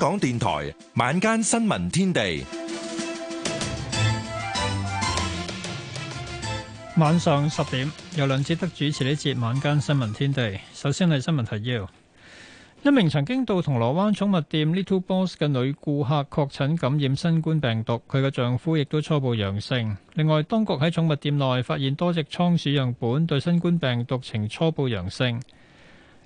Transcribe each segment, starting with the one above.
香港電台晚間新聞天地，晚上十點由梁智德主持呢一節晚間新聞天地。首先係新聞提要：一名曾經到銅鑼灣寵物店 Little Boss 嘅女顧客確診感染新冠病毒，佢嘅丈夫亦都初步陽性。另外，當局喺寵物店內發現多隻倉鼠樣本對新冠病毒呈初步陽性。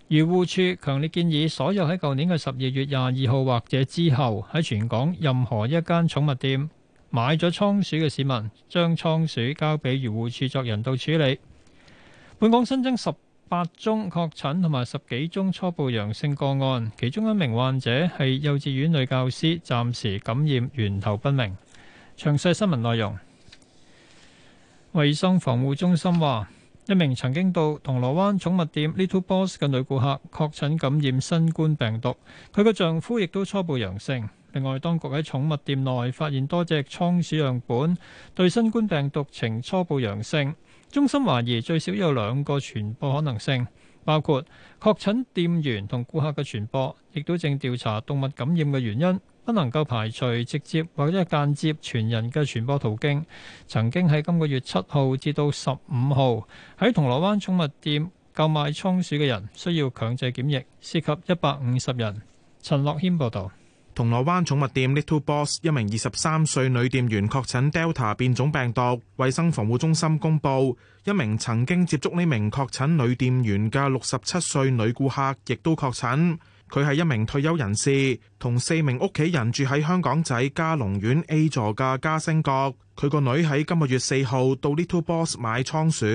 漁護署強烈建議所有喺舊年嘅十二月廿二號或者之後喺全港任何一間寵物店買咗倉鼠嘅市民，將倉鼠交俾漁護署作人道處理。本港新增十八宗確診同埋十幾宗初步陽性個案，其中一名患者係幼稚園女教師，暫時感染源頭不明。詳細新聞內容，衛生防護中心話。一名曾經到銅鑼灣寵物店 Little Boss 嘅女顧客確診感染新冠病毒，佢嘅丈夫亦都初步陽性。另外，當局喺寵物店內發現多隻倉鼠樣本對新冠病毒呈初步陽性，中心懷疑最少有兩個傳播可能性，包括確診店員同顧客嘅傳播，亦都正調查動物感染嘅原因。不能夠排除直接或者間接傳人嘅傳播途徑。曾經喺今個月七號至到十五號喺銅鑼灣寵物店購買倉鼠嘅人需要強制檢疫，涉及一百五十人。陳樂謙報導。銅鑼灣寵物店 Little Boss 一名二十三歲女店員確診 Delta 變種病毒，衛生防護中心公布，一名曾經接觸呢名確診女店員嘅六十七歲女顧客亦都確診。佢係一名退休人士，同四名屋企人住喺香港仔嘉隆苑 A 座嘅嘉星閣。佢個女喺今個月四號到 Little Boss 買倉鼠，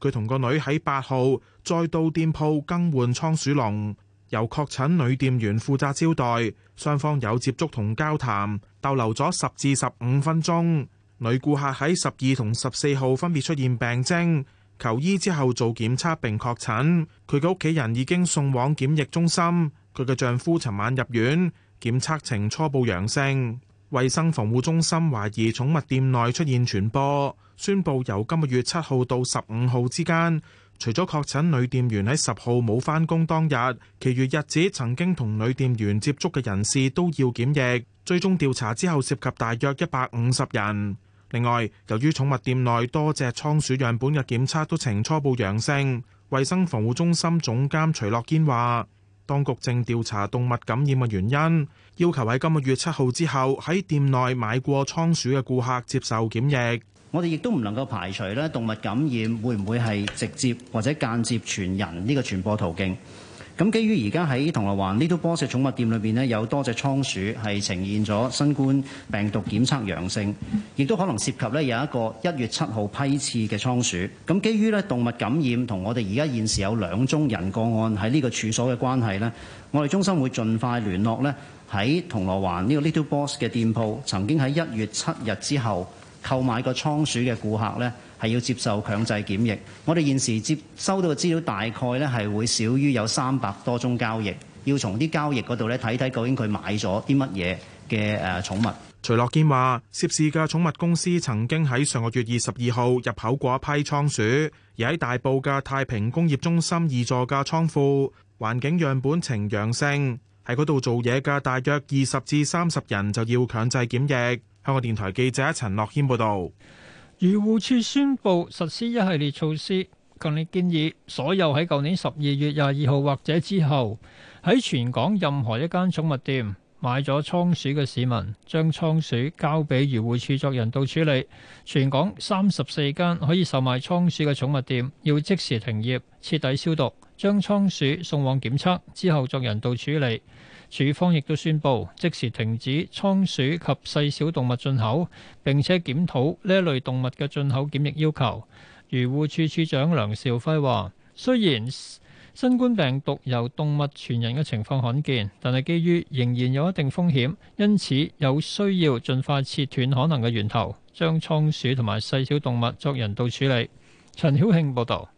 佢同個女喺八號再到店鋪更換倉鼠籠，由確診女店員負責招待，雙方有接觸同交談，逗留咗十至十五分鐘。女顧客喺十二同十四號分別出現病徵，求醫之後做檢測並確診，佢嘅屋企人已經送往檢疫中心。佢嘅丈夫尋晚入院檢測呈初步陽性，衛生防護中心懷疑寵物店內出現傳播，宣布由今個月七號到十五號之間，除咗確診女店員喺十號冇返工當日，其餘日子曾經同女店員接觸嘅人士都要檢疫。追蹤調查之後，涉及大約一百五十人。另外，由於寵物店內多隻倉鼠樣本嘅檢測都呈初步陽性，衛生防護中心總監徐樂堅話。當局正調查動物感染嘅原因，要求喺今個月七號之後喺店內買過倉鼠嘅顧客接受檢疫。我哋亦都唔能夠排除咧動物感染會唔會係直接或者間接傳人呢個傳播途徑。咁基於而家喺銅鑼灣 Little Boss 寵物店裏面呢，有多隻倉鼠係呈現咗新冠病毒檢測陽性，亦都可能涉及呢有一個一月七號批次嘅倉鼠。咁基於呢動物感染同我哋而家現時有兩宗人個案喺呢個處所嘅關係呢，我哋中心會盡快聯絡呢喺銅鑼灣呢個 Little Boss 嘅店鋪曾經喺一月七日之後購買過倉鼠嘅顧客呢。係要接受強制檢疫。我哋現時接收到嘅資料大概咧係會少於有三百多宗交易。要從啲交易嗰度咧睇睇究竟佢買咗啲乜嘢嘅誒寵物。徐樂堅話：涉事嘅寵物公司曾經喺上個月二十二號入口過一批倉鼠，而喺大埔嘅太平工業中心二座嘅倉庫環境樣本呈陽性，喺嗰度做嘢嘅大約二十至三十人就要強制檢疫。香港電台記者陳樂軒報導。漁護署宣布實施一系列措施，強烈建議所有喺舊年十二月廿二號或者之後喺全港任何一間寵物店買咗倉鼠嘅市民，將倉鼠交俾漁護署作人道處理。全港三十四間可以售賣倉鼠嘅寵物店要即時停業，徹底消毒，將倉鼠送往檢測之後作人道處理。署方亦都宣佈即時停止倉鼠及細小動物進口，並且檢討呢一類動物嘅進口檢疫要求。漁護署署長梁兆輝話，雖然新冠病毒由動物傳人嘅情況罕見，但係基於仍然有一定風險，因此有需要盡快切斷可能嘅源頭，將倉鼠同埋細小動物作人道處理。陳曉慶報道。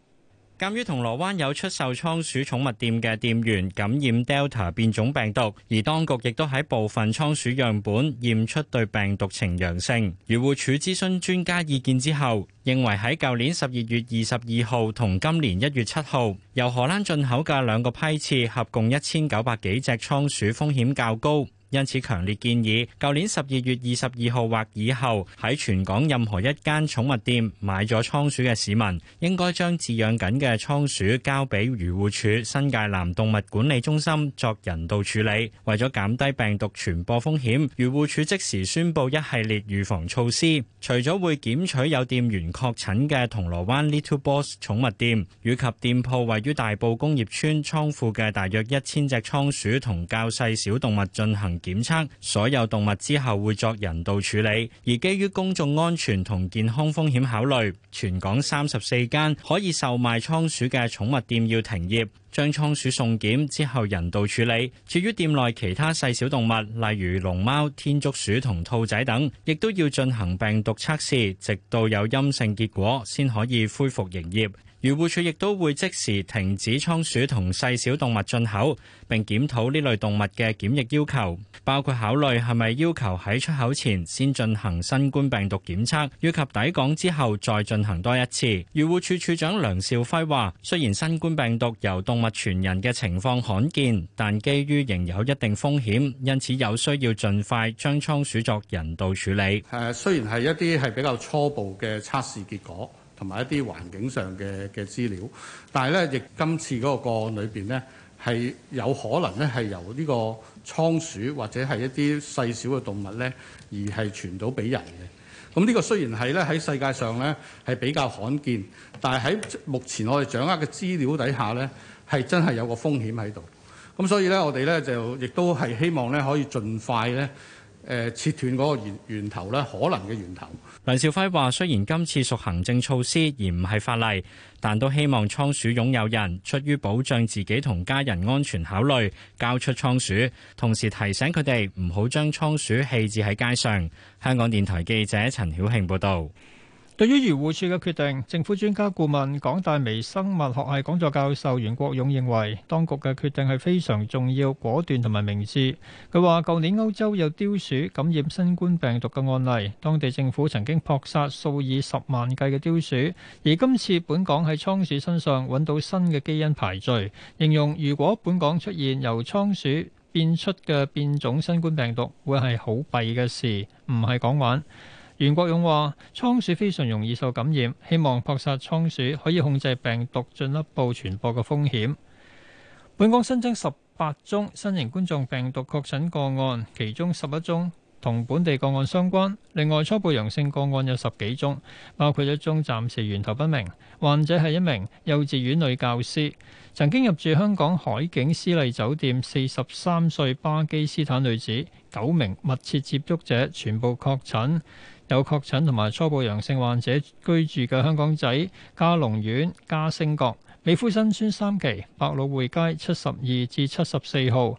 鑑於銅鑼灣有出售倉鼠寵物店嘅店員感染 Delta 變種病毒，而當局亦都喺部分倉鼠樣本驗出對病毒呈陽性。漁護署諮詢專家意見之後，認為喺舊年十二月二十二號同今年一月七號由荷蘭進口嘅兩個批次合共一千九百幾隻倉鼠風險較高。因此，強烈建議，舊年十二月二十二號或以後喺全港任何一間寵物店買咗倉鼠嘅市民，應該將飼養緊嘅倉鼠交俾漁護署新界南動物管理中心作人道處理。為咗減低病毒傳播風險，漁護署即時宣布一系列預防措施，除咗會檢取有店員確診嘅銅鑼灣 Little Boss 寵物店，以及店鋪位於大埔工業村倉庫嘅大約一千隻倉鼠同較細小動物進行。檢測所有動物之後會作人道處理，而基於公眾安全同健康風險考慮，全港三十四間可以售賣倉鼠嘅寵物店要停業，將倉鼠送檢之後人道處理。至於店內其他細小動物，例如龍貓、天竺鼠同兔仔等，亦都要進行病毒測試，直到有陰性結果先可以恢復營業。漁護署亦都會即時停止倉鼠同細小，小動物進口，並檢討呢類動物嘅檢疫要求，包括考慮係咪要求喺出口前先進行新冠病毒檢測，以及抵港之後再進行多一次。漁護署署長梁少輝話，雖然新冠病毒由動物傳人嘅情況罕見，但基於仍有一定風險，因此有需要盡快將倉鼠作人道處理。誒，雖然係一啲係比較初步嘅測試結果。同埋一啲環境上嘅嘅資料，但係咧，亦今次嗰個個案裏邊呢，係有可能咧係由呢個倉鼠或者係一啲細小嘅動物咧而係傳到俾人嘅。咁呢個雖然係咧喺世界上咧係比較罕見，但係喺目前我哋掌握嘅資料底下咧係真係有個風險喺度。咁所以咧，我哋咧就亦都係希望咧可以盡快咧誒、呃、切斷嗰個源源頭咧可能嘅源頭。梁少輝話，雖然今次屬行政措施而唔係法例，但都希望倉鼠擁有人，出於保障自己同家人安全考慮，交出倉鼠，同時提醒佢哋唔好將倉鼠棄置喺街上。香港電台記者陳曉慶報道。對於漁護署嘅決定，政府專家顧問、港大微生物學系講座教授袁國勇認為，當局嘅決定係非常重要、果斷同埋明智。佢話：舊年歐洲有貂鼠感染新冠病毒嘅案例，當地政府曾經撲殺數以十萬計嘅貂鼠，而今次本港喺倉鼠身上揾到新嘅基因排序，形容如果本港出現由倉鼠變出嘅變種新冠病毒，會係好弊嘅事，唔係講玩。袁國勇話：倉鼠非常容易受感染，希望撲殺倉鼠可以控制病毒進一步傳播嘅風險。本港新增十八宗新型冠狀病毒確診個案，其中十一宗同本地個案相關。另外初步陽性個案有十幾宗，包括一宗暫時源頭不明。患者係一名幼稚園女教師，曾經入住香港海景絲麗酒店。四十三歲巴基斯坦女子，九名密切接觸者全部確診。有確診同埋初步陽性患者居住嘅香港仔嘉隆苑、嘉星閣、美孚新邨三期、百老匯街七十二至七十四號，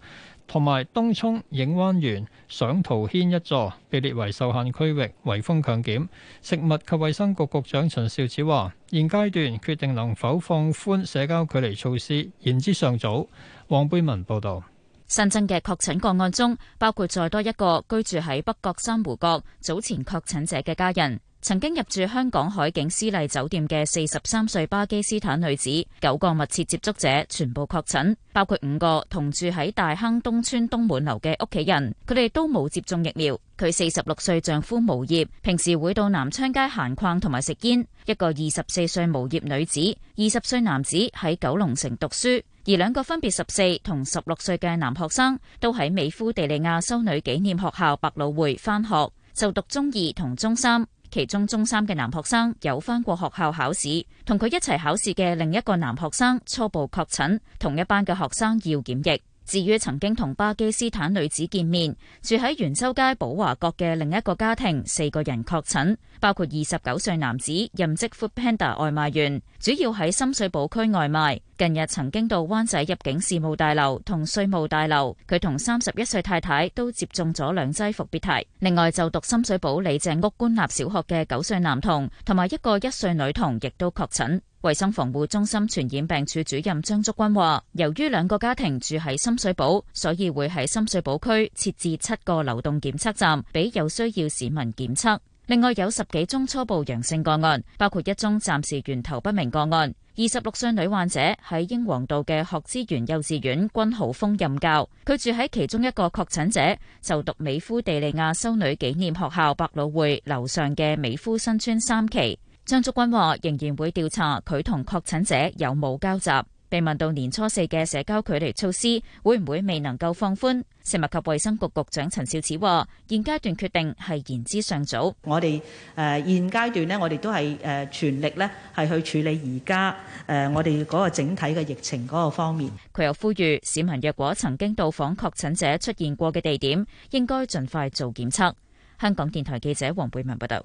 同埋東涌映灣園上圖軒一座，被列為受限區域，圍封強檢。食物及衛生局局長陳肇始話：現階段決定能否放寬社交距離措施，言之尚早。黃貝文報道。新增嘅確診個案中，包括再多一個居住喺北角珊瑚閣早前確診者嘅家人，曾經入住香港海景絲麗酒店嘅四十三歲巴基斯坦女子，九個密切接觸者全部確診，包括五個同住喺大坑東村東滿樓嘅屋企人，佢哋都冇接種疫苗。佢四十六歲丈夫無業，平時會到南昌街閒逛同埋食煙。一個二十四歲無業女子，二十歲男子喺九龍城讀書。而兩個分別十四同十六歲嘅男學生，都喺美孚地利亞修女紀念學校百老匯返學，就讀中二同中三。其中中三嘅男學生有返過學校考試，同佢一齊考試嘅另一個男學生初步確診，同一班嘅學生要檢疫。至於曾經同巴基斯坦女子見面、住喺元州街寶華閣嘅另一個家庭，四個人確診，包括二十九歲男子，任職 Food Panda 外賣員，主要喺深水埗區外賣。近日曾經到灣仔入境事務大樓同稅務大樓。佢同三十一歲太太都接種咗兩劑復必泰。另外，就讀深水埗李鄭屋官立小學嘅九歲男童同埋一個一歲女童，亦都確診。衛生防護中心傳染病處主任張竹君話，由於兩個家庭住喺深水埗，所以會喺深水埗區設置七個流動檢測站，俾有需要市民檢測。另外，有十幾宗初步陽性個案，包括一宗暫時源頭不明個案。二十六歲女患者喺英皇道嘅學知園幼稚園君豪峰任教，佢住喺其中一個確診者就讀美孚地利亞修女紀念學校百老匯樓上嘅美孚新村三期。張竹君話：仍然會調查佢同確診者有冇交集。被問到年初四嘅社交距離措施會唔會未能夠放寬，食物及衛生局局長陳肇始話：現階段決定係言之尚早。我哋誒現階段咧，我哋都係誒全力咧係去處理而家誒我哋嗰個整體嘅疫情嗰個方面。佢又呼籲市民，若果曾經到訪確診者出現過嘅地點，應該盡快做檢測。香港電台記者黃貝文報道。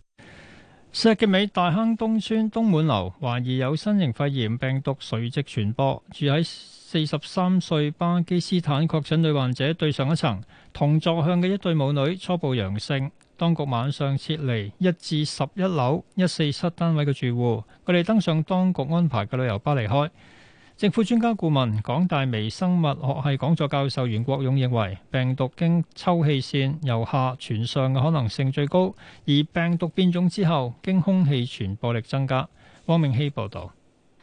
石硤尾大坑東村東滿樓懷疑有新型肺炎病毒垂直傳播，住喺四十三歲巴基斯坦確診女患者對上一層同座向嘅一對母女初步陽性，當局晚上撤離一至十一樓一四七單位嘅住戶，佢哋登上當局安排嘅旅遊巴離開。政府專家顧問、港大微生物學系講座教授袁國勇認為，病毒經抽氣扇由下傳上嘅可能性最高，而病毒變種之後，經空氣傳播力增加。汪明熙報導。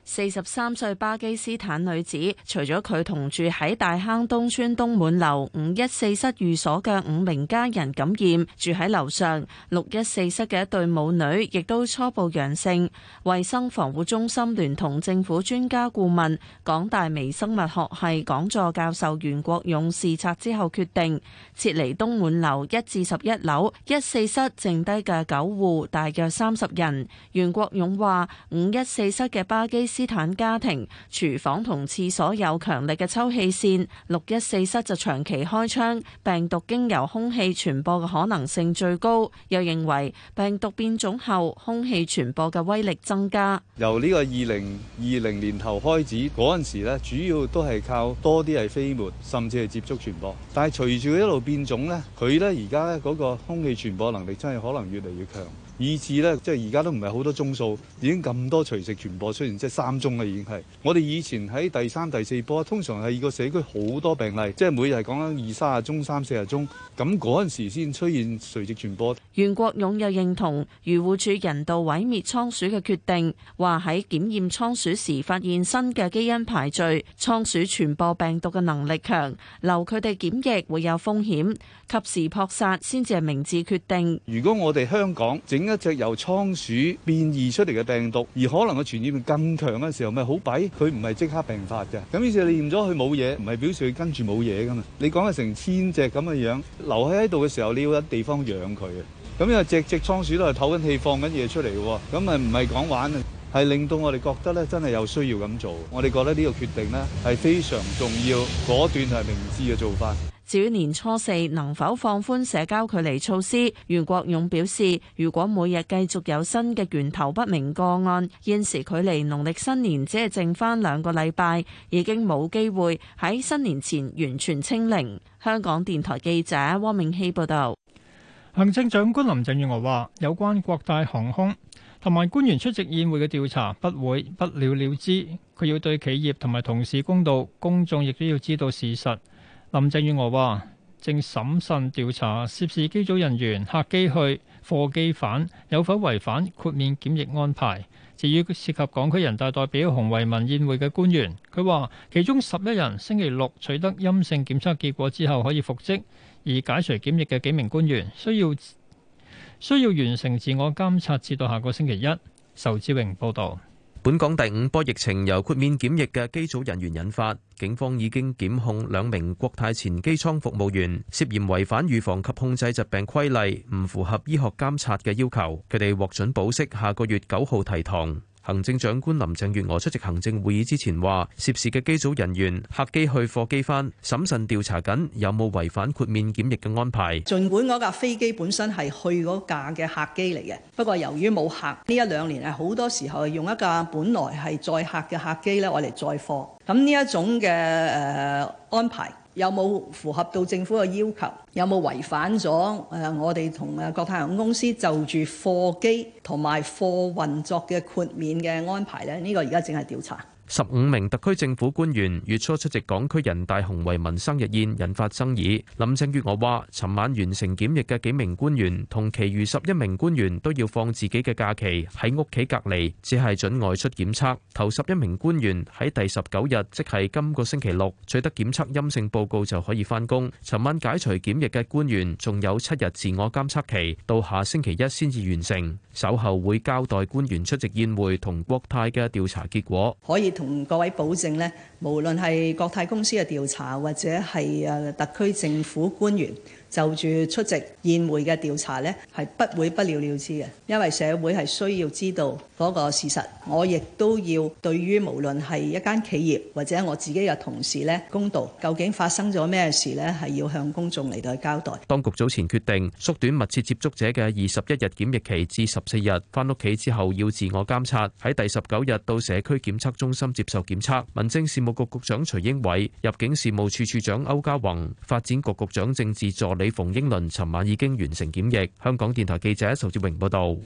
四十三歲巴基斯坦女子，除咗佢同住喺大坑東村東滿樓五一四室寓所嘅五名家人感染，住喺樓上六一四室嘅一對母女亦都初步陽性。衛生防護中心聯同政府專家顧問、港大微生物學系講座教授袁國勇視察之後，決定撤離東滿樓一至十一樓一四室剩低嘅九戶，大約三十人。袁國勇話：五一四室嘅巴基斯坦斯坦家庭廚房同廁所有強力嘅抽氣扇，六一四室就長期開窗，病毒經由空氣傳播嘅可能性最高。又認為病毒變種後，空氣傳播嘅威力增加。由呢個二零二零年頭開始，嗰陣時咧，主要都係靠多啲係飛沫，甚至係接觸傳播。但係隨住一路變種呢，佢呢，而家呢嗰個空氣傳播能力真係可能越嚟越強。以至呢，即係而家都唔係好多宗數，已經咁多垂直傳播出現，即係三宗啦，已經係，我哋以前喺第三、第四波，通常係個社區好多病例，即係每日係講緊二三十宗、三四十宗，咁嗰陣時先出現垂直傳播。袁國勇又認同漁護署人道毀滅倉鼠嘅決定，話，喺檢驗倉鼠時發現新嘅基因排序，倉鼠傳播病毒嘅能力強，留佢哋檢疫會有風險，及時撲殺先至係明智決定。如果我哋香港整。一隻由倉鼠變異出嚟嘅病毒，而可能嘅傳染性更強嘅時候，咪好弊。佢唔係即刻病發嘅。咁於是你驗咗佢冇嘢，唔係表示佢跟住冇嘢噶嘛。你講嘅成千隻咁嘅樣，樣留喺喺度嘅時候，你要有地方養佢嘅。咁又隻隻倉鼠都係透緊氣，放緊嘢出嚟，咁咪唔係講玩，係令到我哋覺得咧，真係有需要咁做。我哋覺得呢個決定咧係非常重要，果斷係明智嘅做法。小年初四能否放寬社交距離措施，袁國勇表示：如果每日繼續有新嘅源頭不明個案，現時距離農曆新年只係剩翻兩個禮拜，已經冇機會喺新年前完全清零。香港電台記者汪明希報道。行政長官林鄭月娥話，有關國泰航空同埋官員出席宴會嘅調查，不會不了了之。佢要對企業同埋同事公道，公眾亦都要知道事實。林鄭月娥話：正審慎調查涉事機組人員客機去貨機返有否違反豁免檢疫安排。至於涉及港區人大代表洪為民宴會嘅官員，佢話其中十一人星期六取得陰性檢測結果之後可以復職，而解除檢疫嘅幾名官員需要需要完成自我監察至到下個星期一。仇志榮報導。本港第五波疫情由豁免檢疫嘅機組人員引發，警方已經檢控兩名國泰前機艙服務員涉嫌違反預防及控制疾病規例，唔符合醫學監察嘅要求。佢哋獲准保釋，下個月九號提堂。行政長官林鄭月娥出席行政會議之前話，涉事嘅機組人員客機去貨機翻，審慎調查緊有冇違反豁免檢疫嘅安排。儘管嗰架飛機本身係去嗰架嘅客機嚟嘅，不過由於冇客，呢一兩年係好多時候用一架本來係載客嘅客機咧，嚟嚟載貨。咁呢一種嘅誒、呃、安排。有冇符合到政府嘅要求？有冇違反咗？我哋同啊國泰航空公司就住貨機同埋貨運作嘅豁免嘅安排呢？呢、呢個而家正係調查。十五名特區政府官員月初出席港區人大洪為民生日宴，引發爭議。林鄭月娥話，尋晚完成檢疫嘅幾名官員同其餘十一名官員都要放自己嘅假期喺屋企隔離，只係准外出檢測。頭十一名官員喺第十九日，即係今個星期六取得檢測陰性報告就可以翻工。尋晚解除檢疫嘅官員仲有七日自我監測期，到下星期一先至完成。稍後會交代官員出席宴會同國泰嘅調查結果。可以。同各位保證咧，無論係國泰公司嘅調查，或者係誒特區政府官員。就住出席宴會嘅調查咧，係不會不了了之嘅，因為社會係需要知道嗰個事實。我亦都要對於無論係一間企業或者我自己嘅同事咧，公道究竟發生咗咩事咧，係要向公眾嚟到去交代。當局早前決定縮短密切接觸者嘅二十一日檢疫期至十四日，翻屋企之後要自我監察，喺第十九日到社區檢測中心接受檢測。民政事務局局長徐英偉、入境事務處處長歐家宏、發展局局長政治助理。李逢英倫，尋晚已經完成檢疫。香港電台記者仇志榮報道。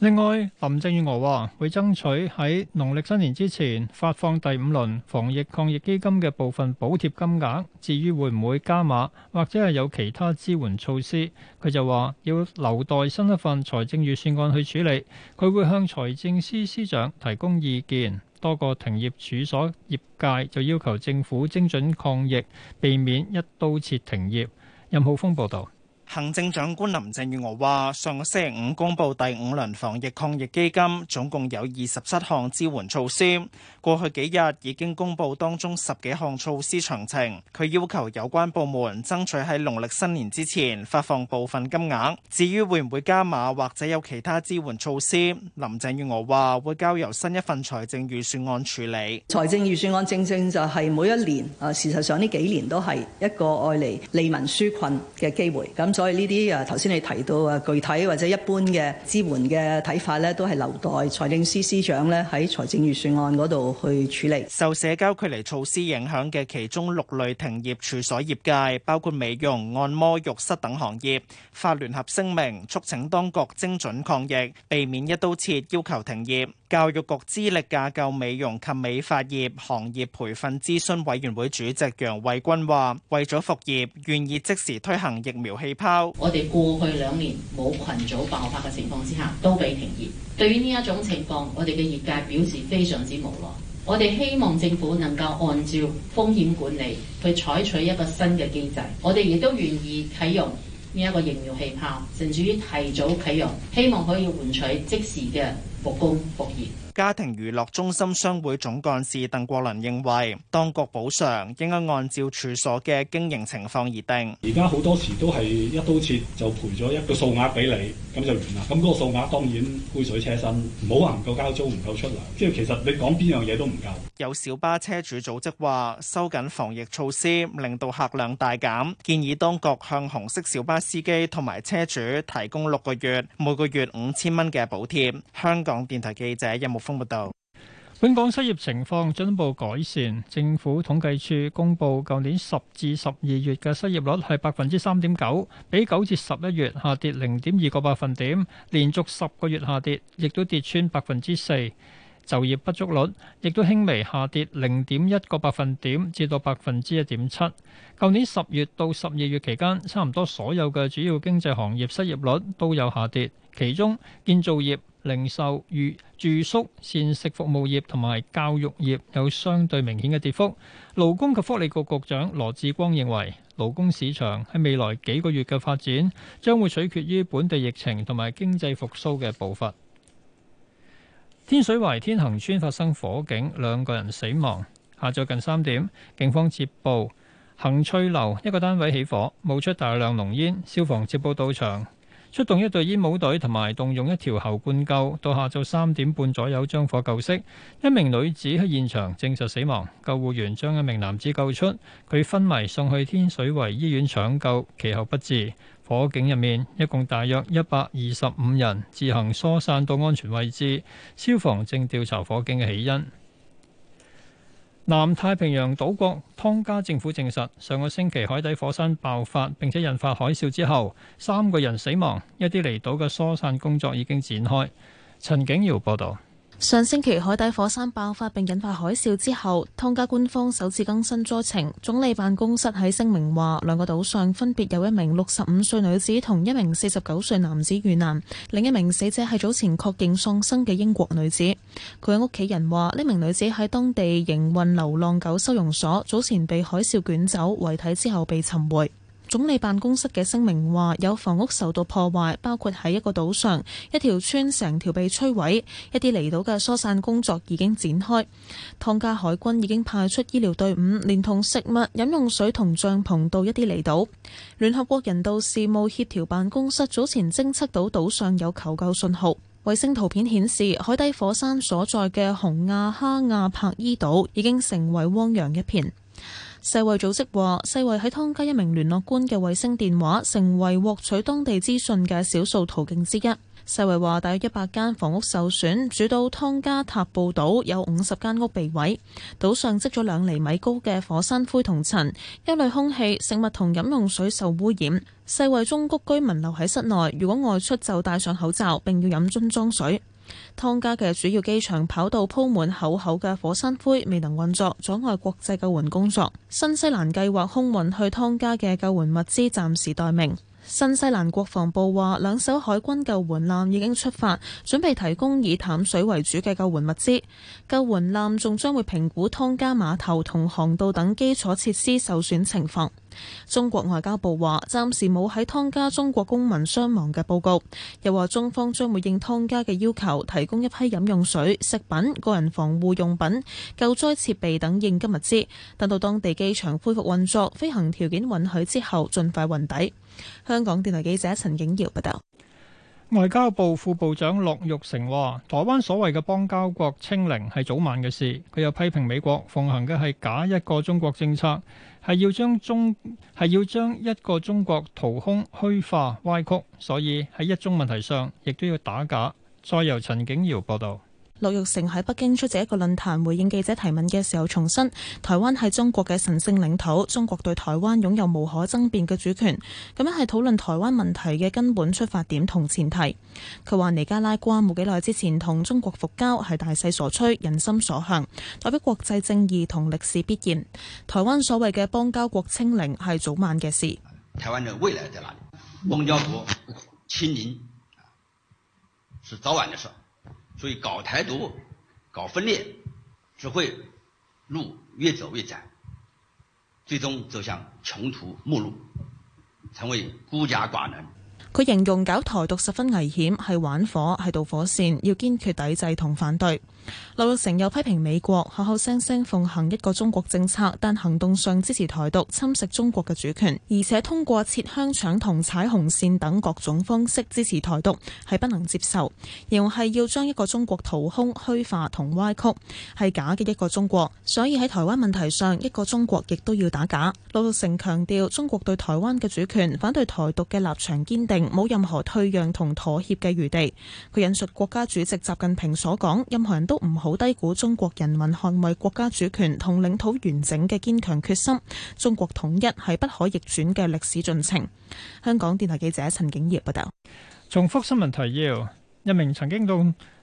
另外，林鄭月娥話會爭取喺農曆新年之前發放第五輪防疫抗疫基金嘅部分補貼金額。至於會唔會加碼，或者係有其他支援措施，佢就話要留待新一份財政預算案去處理。佢會向財政司司長提供意見。多個停業處所業界就要求政府精準抗疫，避免一刀切停業。任浩峰報道。行政長官林鄭月娥話：上個星期五公布第五輪防疫抗疫基金，總共有二十七項支援措施。過去幾日已經公布當中十幾項措施詳情。佢要求有關部門爭取喺農曆新年之前發放部分金額。至於會唔會加碼或者有其他支援措施，林鄭月娥話會交由新一份財政預算案處理。財政預算案正正就係每一年啊，事實上呢幾年都係一個用嚟利民紓困嘅機會。咁所以呢啲啊頭先你提到啊具體或者一般嘅支援嘅睇法咧，都係留待財政司司長咧喺財政預算案嗰度去處理。受社交距離措施影響嘅其中六類停業處所業界，包括美容、按摩、浴室等行業，發聯合聲明促請當局精準抗疫，避免一刀切要求停業。教育局資歷架構美容及美髮業行業培訓諮詢委員會主席楊偉君話，為咗復業，願意即時推行疫苗氣泡。我哋過去兩年冇群組爆發嘅情況之下，都被停業。對於呢一種情況，我哋嘅業界表示非常之無奈。我哋希望政府能夠按照風險管理去採取一個新嘅機制。我哋亦都願意啟用。呢一個疫苗氣泡，甚至於提早啟用，希望可以換取即時嘅復工復業。家庭娛樂中心商會總幹事鄧國倫認為當局補償應該按照處所嘅經營情況而定。而家好多時都係一刀切，就賠咗一個數額俾你，咁就完啦。咁個數額當然杯水車薪，唔好話唔夠交租，唔夠出糧，即係其實你講邊樣嘢都唔夠，有小巴車主組織話收緊防疫措施令到客量大減，建議當局向紅色小巴司機同埋車主提供六個月，每個月五千蚊嘅補貼，香港電台記者任木。本港失業情況進一步改善。政府統計處公佈，舊年十至十二月嘅失業率係百分之三點九，比九至十一月下跌零點二個百分點，連續十個月下跌，亦都跌穿百分之四。就業不足率亦都輕微下跌零點一個百分點，至到百分之一點七。舊年十月到十二月期間，差唔多所有嘅主要經濟行業失業率都有下跌，其中建造業。零售、與住宿、膳食服務業同埋教育業有相對明顯嘅跌幅。勞工及福利局局長羅志光認為，勞工市場喺未來幾個月嘅發展，將會取決於本地疫情同埋經濟復甦嘅步伐。天水圍天恒邨發生火警，兩個人死亡。下晝近三點，警方接報恒翠樓一個單位起火，冒出大量濃煙，消防接報到場。出動一隊煙帽隊同埋動用一條喉灌救，到下晝三點半左右將火救熄。一名女子喺現場證實死亡，救護員將一名男子救出，佢昏迷送去天水圍醫院搶救，其後不治。火警入面一共大約一百二十五人自行疏散到安全位置，消防正調查火警嘅起因。南太平洋島國湯加政府證實，上個星期海底火山爆發並且引發海嘯之後，三個人死亡，一啲離島嘅疏散工作已經展開。陳景瑤報道。上星期海底火山爆發並引發海嘯之後，湯加官方首次更新災情。總理辦公室喺聲明話，兩個島上分別有一名六十五歲女子同一名四十九歲男子遇難，另一名死者係早前確認喪生嘅英國女子。佢嘅屋企人話，呢名女子喺當地營運流浪狗收容所，早前被海嘯捲走，遺體之後被尋回。總理辦公室嘅聲明話，有房屋受到破壞，包括喺一個島上，一條村成條被摧毀。一啲離島嘅疏散工作已經展開。湯加海軍已經派出醫療隊伍，連同食物、飲用水同帳篷到一啲離島。聯合國人道事務協調辦公室早前偵測到島上有求救信號。衛星圖片顯示，海底火山所在嘅洪亞哈亞帕伊島已經成為汪洋一片。世衛組織話，世衛喺湯加一名聯絡官嘅衛星電話成為獲取當地資訊嘅少數途徑之一。世衛話，大約一百間房屋受損，主島湯加塔布島有五十間屋被毀，島上積咗兩厘米高嘅火山灰同塵，一類空氣、食物同飲用水受污染。世衛忠告居民留喺室內，如果外出就戴上口罩，並要飲樽裝水。湯加嘅主要機場跑道鋪滿厚厚嘅火山灰，未能運作，阻礙國際救援工作。新西蘭計劃空運去湯加嘅救援物資暫時待命。新西蘭國防部話，兩艘海軍救援艦已經出發，準備提供以淡水為主嘅救援物資。救援艦仲將會評估湯加碼頭同航道等基礎設施受損情況。中國外交部話，暫時冇喺湯加中國公民傷亡嘅報告，又話中方將會應湯加嘅要求提供一批飲用水、食品、個人防護用品、救災設備等應急物資，等到當地機場恢復運作、飛行條件允許之後，盡快運抵。香港電台記者陳景瑤報道，外交部副部長樂玉成話：台灣所謂嘅邦交國清零係早晚嘅事。佢又批評美國奉行嘅係假一個中國政策，係要將中係要將一個中國掏空、虛化、歪曲。所以喺一中問題上，亦都要打假。再由陳景瑤報道。陸玉成喺北京出席一個論壇回應記者提問嘅時候重，重申台灣係中國嘅神聖領土，中國對台灣擁有無可爭辯嘅主權。咁樣係討論台灣問題嘅根本出發點同前提。佢話尼加拉瓜冇幾耐之前同中國復交係大勢所趨、人心所向，代表國際正義同歷史必然。台灣所謂嘅邦交國清零係早晚嘅事。台灣嘅未來在哪裡？邦交國清零是早晚嘅事。所以搞台獨，搞分裂，只會路越走越窄，最終走向窮途末路，成為孤家寡人。佢形容搞台獨十分危險，係玩火，係導火線，要堅決抵制同反對。劉六成又批評美國口口聲聲奉行一個中國政策，但行動上支持台獨，侵蝕中國嘅主權，而且通過切香腸同踩紅線等各種方式支持台獨，係不能接受。形容係要將一個中國掏空、虛化同歪曲，係假嘅一個中國。所以喺台灣問題上，一個中國亦都要打假。劉六成強調中國對台灣嘅主權、反對台獨嘅立場堅定。冇任何退讓同妥協嘅餘地。佢引述國家主席習近平所講，任何人都唔好低估中國人民捍衛國家主權同領土完整嘅堅強決心。中國統一係不可逆轉嘅歷史進程。香港電台記者陳景業報道。重複新聞提要：一名曾經到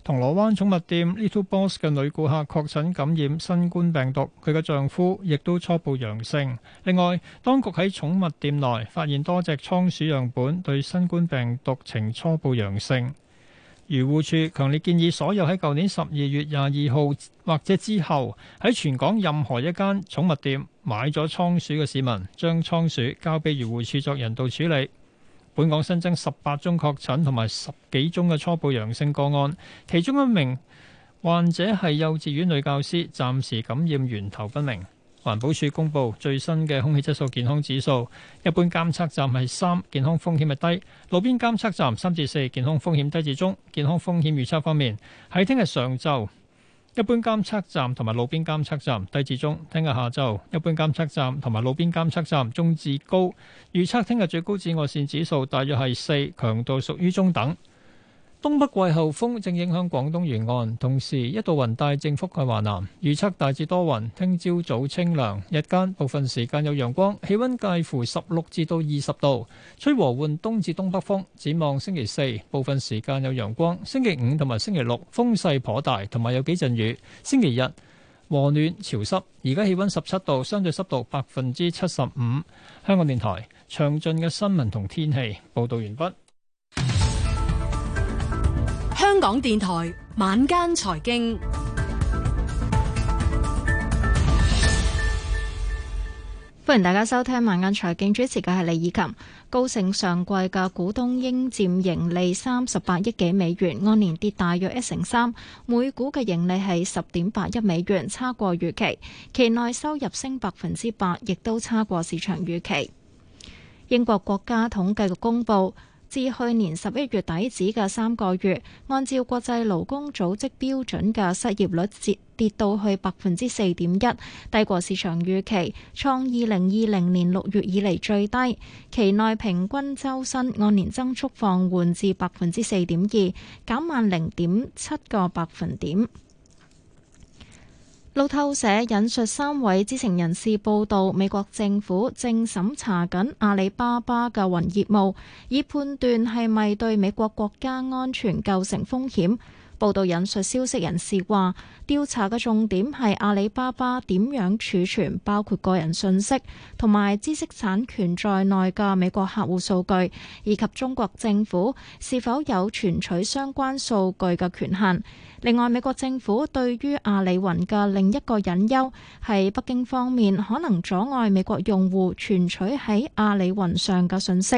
銅鑼灣寵物店 Little Boss 嘅女顧客確診感染新冠病毒，佢嘅丈夫亦都初步陽性。另外，當局喺寵物店內發現多隻倉鼠樣本對新冠病毒呈初步陽性。漁護署強烈建議所有喺舊年十二月廿二號或者之後喺全港任何一間寵物店買咗倉鼠嘅市民，將倉鼠交俾漁護署作人道處理。本港新增十八宗確診同埋十幾宗嘅初步陽性個案，其中一名患者係幼稚園女教師，暫時感染源頭不明。環保署公布最新嘅空氣質素健康指數，一般監測站係三，健康風險係低；路邊監測站三至四，健康風險低至中。健康風險預測方面，喺聽日上晝。一般監測站同埋路邊監測站低至中，聽日下晝一般監測站同埋路邊監測站中至高，預測聽日最高紫外線指數大約係四，強度屬於中等。東北季候風正影響廣東沿岸，同時一道雲帶正覆蓋華南。預測大致多雲，聽朝早，早清涼，日間部分時間有陽光，氣溫介乎十六至到二十度，吹和緩東至東北風。展望星期四部分時間有陽光，星期五同埋星期六風勢頗大，同埋有，有幾陣雨。星期日和暖潮濕，而家氣溫十七度，相對濕度百分之七十五。香港電台詳盡嘅新聞同天氣報道完畢。香港電台晚間財經，歡迎大家收聽晚間財經，主持嘅係李以琴。高盛上季嘅股東應佔盈利三十八億幾美元，按年跌大約一成三，每股嘅盈利係十點八一美元，差過預期。期內收入升百分之八，亦都差過市場預期。英國國家統計局公布。至去年十一月底止嘅三個月，按照國際勞工組織標準嘅失業率跌跌到去百分之四點一，低過市場預期，創二零二零年六月以嚟最低。期內平均周薪按年增速放緩至百分之四點二，減慢零點七個百分點。路透社引述三位知情人士報道，美國政府正審查緊阿里巴巴嘅雲業務，以判斷係咪對美國國家安全構成風險。報道引述消息人士話，調查嘅重點係阿里巴巴點樣儲存包括個人信息同埋知識產權在內嘅美國客戶數據，以及中國政府是否有存取相關數據嘅權限。另外，美國政府對於阿里雲嘅另一個隱憂係北京方面可能阻礙美國用戶存取喺阿里雲上嘅信息。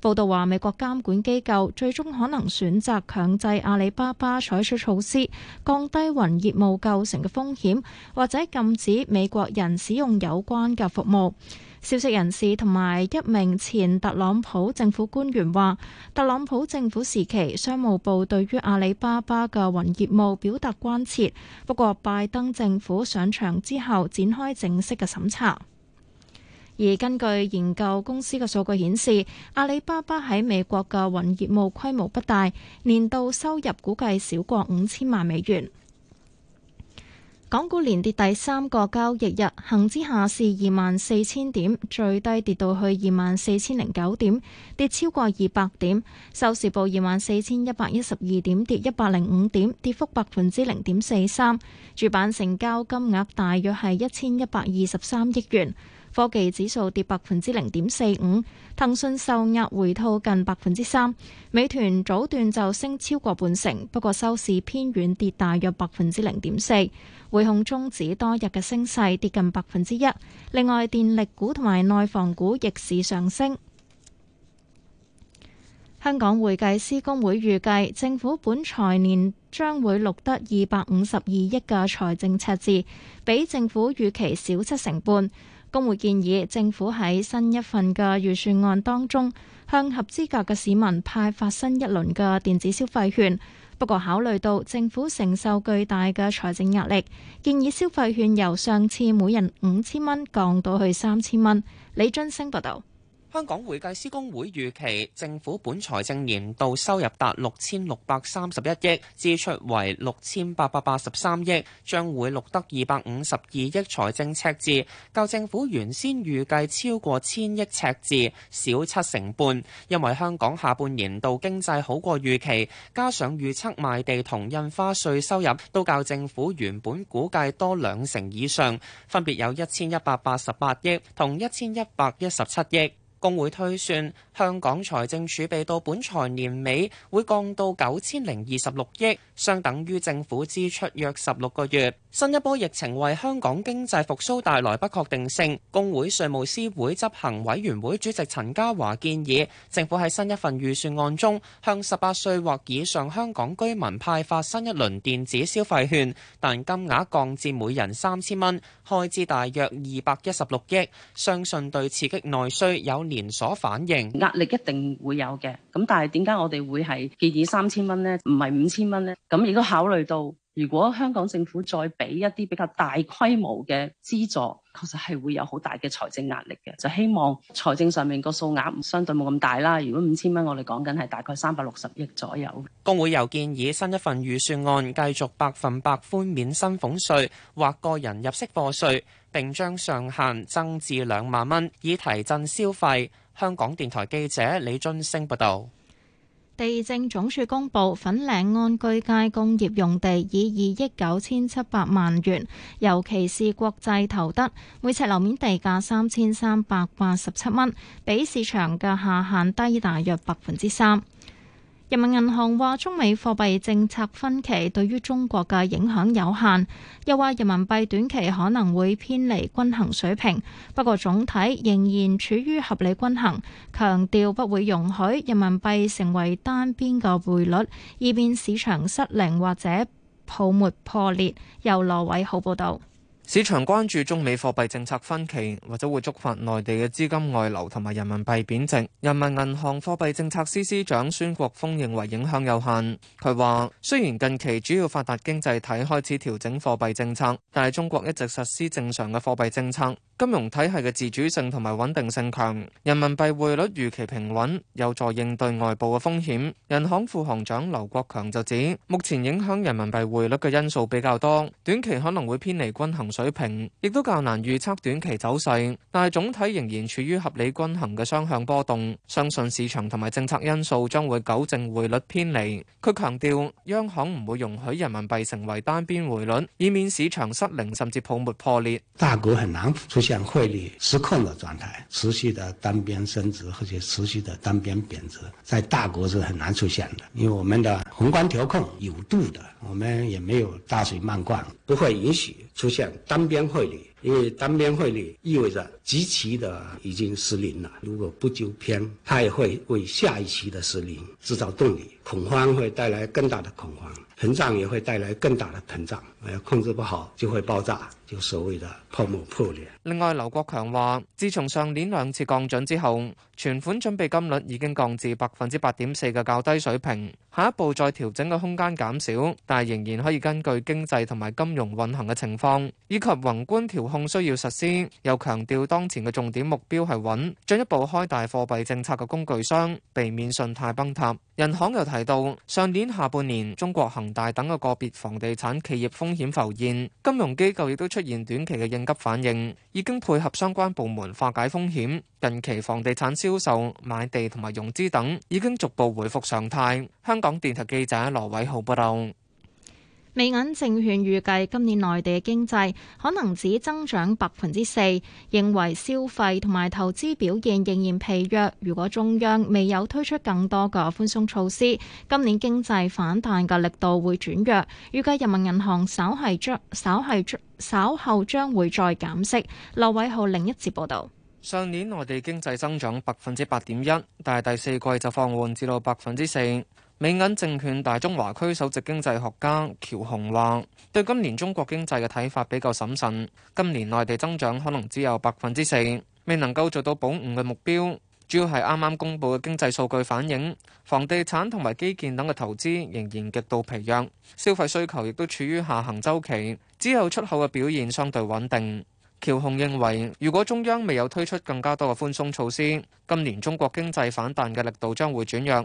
報道話，美國監管機構最終可能選擇強制阿里巴巴採取措施，降低雲業務構成嘅風險，或者禁止美國人使用有關嘅服務。消息人士同埋一名前特朗普政府官員話，特朗普政府時期商務部對於阿里巴巴嘅雲業務表達關切，不過拜登政府上場之後，展開正式嘅審查。而根據研究公司嘅數據顯示，阿里巴巴喺美國嘅雲業務規模不大，年度收入估計少過五千萬美元。港股連跌第三個交易日，恒指下試二萬四千點，最低跌到去二萬四千零九點，跌超過二百點。收市報二萬四千一百一十二點，跌一百零五點，跌幅百分之零點四三。主板成交金額大約係一千一百二十三億元。科技指數跌百分之零點四五，騰訊受壓回吐近百分之三，美團早段就升超過半成，不過收市偏軟，跌大約百分之零點四。匯控終止多日嘅升勢，跌近百分之一。另外，電力股同埋內房股逆市上升。香港會計師公會預計，政府本財年將會錄得二百五十二億嘅財政赤字，比政府預期少七成半。工會建議政府喺新一份嘅預算案當中，向合資格嘅市民派發新一輪嘅電子消費券。不過考慮到政府承受巨大嘅財政壓力，建議消費券由上次每人五千蚊降到去三千蚊。李津升報道。香港會計師公會預期政府本財政年度收入達六千六百三十一億，支出為六千八百八十三億，將會錄得二百五十二億財政赤字，較政府原先預計超過千億赤字少七成半。因為香港下半年度經濟好過預期，加上預測賣地同印花稅收入都較政府原本估計多兩成以上，分別有一千一百八十八億同一千一百一十七億。公會推算，香港財政儲備到本財年尾會降到九千零二十六億，相等於政府支出約十六個月。新一波疫情為香港經濟復甦帶來不確定性。公會稅務師會執行委員會主席陳家華建議，政府喺新一份預算案中，向十八歲或以上香港居民派發新一輪電子消費券，但金額降至每人三千蚊，開支大約二百一十六億，相信對刺激內需有。連鎖反應壓力一定會有嘅，咁但係點解我哋會係建議三千蚊呢？唔係五千蚊呢？咁亦都考慮到，如果香港政府再俾一啲比較大規模嘅資助，確實係會有好大嘅財政壓力嘅。就希望財政上面個數額唔相對冇咁大啦。如果五千蚊，我哋講緊係大概三百六十億左右。工會又建議新一份預算案繼續百分百寬免薪俸稅或個人入息課稅。並將上限增至兩萬蚊，以提振消費。香港電台記者李津升報道：「地政總署公布粉嶺安居街工業用地以二億九千七百萬元，尤其是國際投得每尺樓面地價三千三百八十七蚊，比市場嘅下限低大約百分之三。人民銀行話中美貨幣政策分歧對於中國嘅影響有限，又話人民幣短期可能會偏離均衡水平，不過總體仍然處於合理均衡，強調不會容許人民幣成為單邊嘅匯率，以免市場失靈或者泡沫破裂。由羅偉浩報道。市場關注中美貨幣政策分歧，或者會觸發內地嘅資金外流同埋人民幣貶值。人民銀行貨幣政策司司長孫國峰認為影響有限。佢話，雖然近期主要發達經濟體開始調整貨幣政策，但係中國一直實施正常嘅貨幣政策，金融體系嘅自主性同埋穩定性強，人民幣匯率預期平穩，有助應對外部嘅風險。人行副行長劉國強就指，目前影響人民幣匯率嘅因素比較多，短期可能會偏離均衡。水平亦都較難預測短期走勢，但係總體仍然處於合理均衡嘅雙向波動，相信市場同埋政策因素將會糾正匯率偏離。佢強調央行唔會容許人民幣成為單邊匯率，以免市場失靈甚至泡沫破裂。大國很難出現匯率失控嘅狀態，持續的單邊升值或者持續的單邊貶值，在大國是很難出現嘅，因為我們的宏觀調控有度的，我們也沒有大水漫灌，不會允許出現。單邊匯率。因為單邊匯率意味着極其的已經失靈了，如果不糾偏，它也會為下一期的失靈製造動力。恐慌會帶來更大的恐慌，膨脹也會帶來更大的膨脹。哎，控制不好就會爆炸，就所謂的泡沫破裂。另外，劉國強話，自從上年兩次降準之後，存款準備金率已經降至百分之八點四嘅較低水平，下一步再調整嘅空間減少，但係仍然可以根據經濟同埋金融運行嘅情況以及宏觀調。控需要實施，又強調當前嘅重點目標，係穩，進一步開大貨幣政策嘅工具箱，避免信貸崩塌。人行又提到，上年下半年中國恒大等嘅個別房地產企業風險浮現，金融機構亦都出現短期嘅應急反應，已經配合相關部門化解風險，近期房地產銷售、買地同埋融資等已經逐步回復常態。香港電台記者羅偉浩報道。美銀證券預計今年內地經濟可能只增長百分之四，認為消費同埋投資表現仍然疲弱。如果中央未有推出更多嘅寬鬆措施，今年經濟反彈嘅力度會轉弱。預計人民銀行稍係將稍係稍，稍後將會再減息。劉偉浩另一節報道：上年內地經濟增長百分之八點一，但係第四季就放緩至到百分之四。美銀證券大中華區首席經濟學家喬雄話：對今年中國經濟嘅睇法比較審慎，今年內地增長可能只有百分之四，未能夠做到保五嘅目標。主要係啱啱公佈嘅經濟數據反映，房地產同埋基建等嘅投資仍然極度疲弱，消費需求亦都處於下行週期，之後出口嘅表現相對穩定。喬雄認為，如果中央未有推出更加多嘅寬鬆措施，今年中國經濟反彈嘅力度將會轉弱。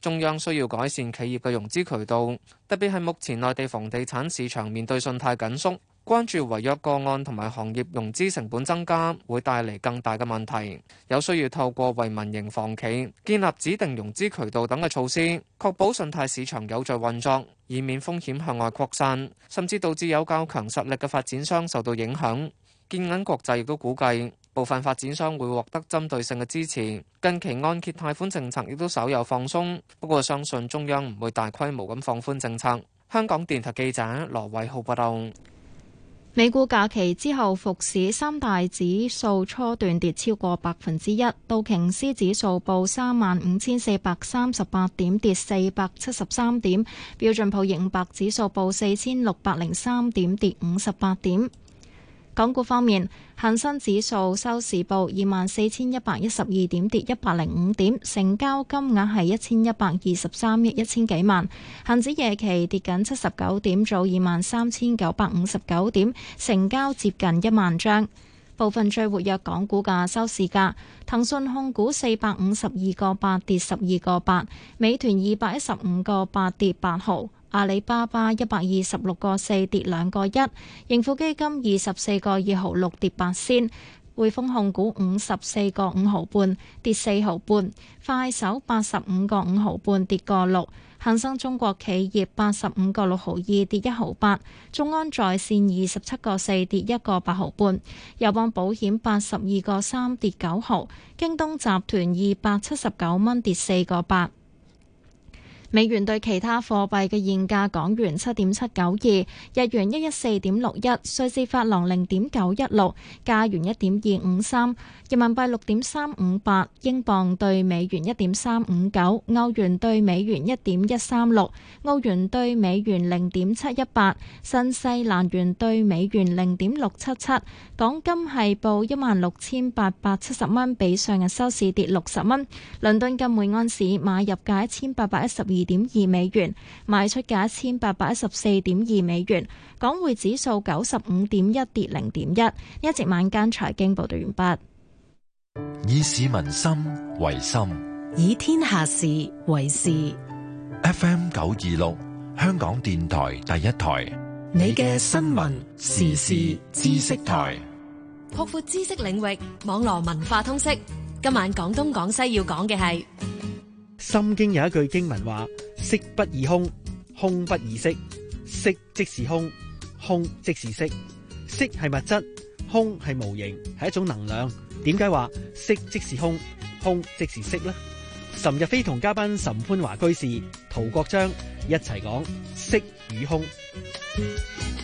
中央需要改善企業嘅融資渠道，特別係目前內地房地產市場面對信貸緊縮，關注違約個案同埋行業融資成本增加會帶嚟更大嘅問題，有需要透過為民營房企建立指定融資渠道等嘅措施，確保信貸市場有序運作，以免風險向外擴散，甚至導致有較強實力嘅發展商受到影響，建銀國際亦都估計，部分發展商會獲得針對性嘅支持，近期按揭貸款政策亦都稍有放鬆。不過相信中央唔會大規模咁放寬政策。香港電台記者羅偉浩報道。美股假期之後復市，三大指數初段跌超過百分之一，道瓊斯指數報三萬五千四百三十八點，跌四百七十三點；標準普爾五百指數報四千六百零三點，跌五十八點。港股方面，恒生指數收市報二萬四千一百一十二點，跌一百零五點，成交金額係一千一百二十三億一千幾萬。恒指夜期跌緊七十九點，造二萬三千九百五十九點，成交接近一萬張。部分最活躍港股嘅收市價：騰訊控股四百五十二個八跌十二個八，美團二百一十五個八跌八毫。阿里巴巴一百二十六個四跌兩個一，盈富基金二十四個二毫六跌八仙，匯豐控股五十四個五毫半跌四毫半，快手八十五個五毫半跌個六，恒生中國企業八十五個六毫二跌一毫八，眾安在線二十七個四跌一個八毫半，友邦保險八十二個三跌九毫，京東集團二百七十九蚊跌四個八。美元對其他貨幣嘅現價：港元七點七九二，日元一一四點六一，瑞士法郎零點九一六，加元一點二五三，人民幣六點三五八，英鎊對美元一點三五九，歐元對美元一點一三六，澳元對美元零點七一八，新西蘭元對美元零點六七七。港金係報一萬六千八百七十蚊，比上日收市跌六十蚊。倫敦嘅每安士買入價一千八百一十二二點二美元，賣出價一千八百一十四點二美元。港匯指數九十五點一跌零點一。一席晚間財經報道完畢。以市民心為心，以天下事為事。FM 九二六，香港電台第一台，你嘅新聞時事知識台，擴闊知識領域，網絡文化通識。今晚廣東廣西，要講嘅係。心經有一句經文話：色不異空，空不異色，色即是空，空即是色。色係物質，空係無形，係一種能量。點解話色即是空，空即是色呢？岑日飛同嘉賓岑歡華居士、陶國章一齊講色與空。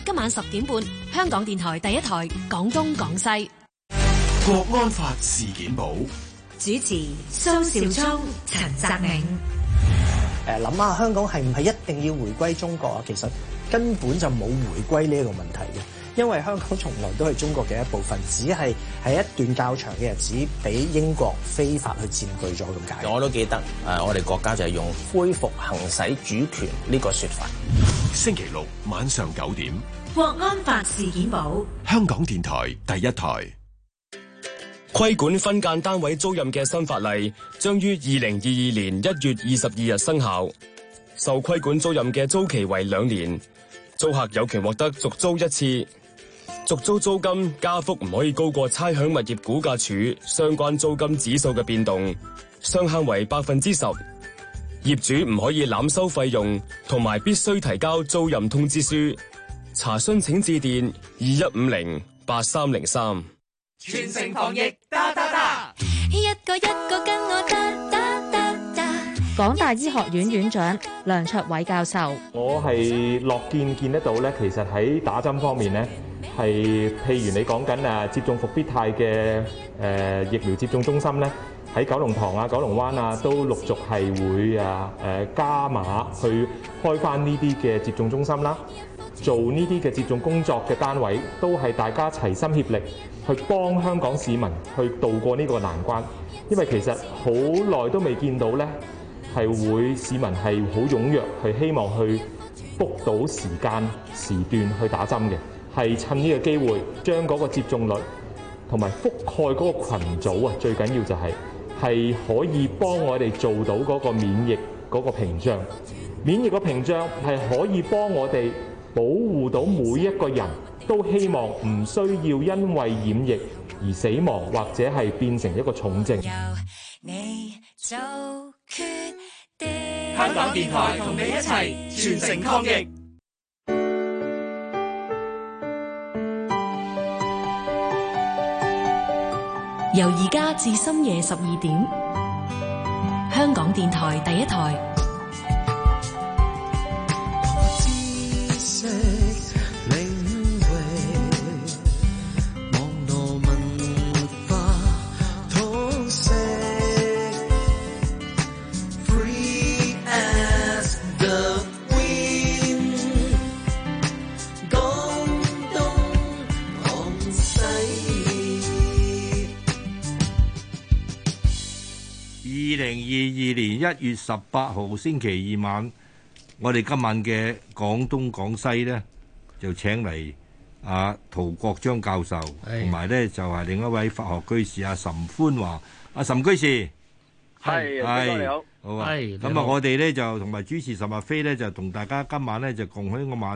今晚十點半，香港電台第一台，講東講西。國安法事件簿。主持蘇紹聰、陳澤銘。誒，諗下香港係唔係一定要回歸中國啊？其實根本就冇回歸呢一個問題嘅，因為香港從來都係中國嘅一部分，只係喺一段較長嘅日子俾英國非法去佔據咗咁解。我都記得，誒，我哋國家就係用恢復行使主權呢個說法。星期六晚上九點，《國安法事件簿》，香港電台第一台。規管分間單位租賃嘅新法例將於二零二二年一月二十二日生效。受規管租賃嘅租期為兩年，租客有權獲得續租一次。續租租金加幅唔可以高過差餉物業估價署相關租金指數嘅變動，上限為百分之十。業主唔可以濫收費用，同埋必須提交租賃通知書。查詢請致電二一五零八三零三。全城防疫，打打打！一個一個跟我打打打打。港大醫學院院長梁卓偉教授，我係樂見見得到咧。其實喺打針方面咧，係譬如你講緊誒接種復必泰嘅誒疫苗接種中心咧，喺九龍塘啊、九龍灣啊，都陸續係會啊誒加碼去開翻呢啲嘅接種中心啦。做呢啲嘅接種工作嘅單位，都係大家齊心協力去幫香港市民去渡過呢個難關，因為其實好耐都未見到咧，係會市民係好踴躍去希望去 book 到時間時段去打針嘅。係趁呢個機會將嗰個接種率同埋覆蓋嗰個羣組啊，最緊要就係、係、係可以幫我哋做到嗰個免疫嗰個屏障。免疫個屏障係可以幫我哋。保護到每一個人都希望唔需要因為染疫而死亡，或者係變成一個重症。香港電台同你一齊全城抗疫，由而家至深夜十二點，香港電台第一台。一月十八號星期二晚，我哋今晚嘅廣東廣西咧，就請嚟阿陶國章教授，同埋咧就係另一位法學居士阿岑歡華。阿岑居士，係，大家你好，係，咁啊，我哋咧就同埋主持岑日飛咧，就同大家今晚咧就共享一個晚。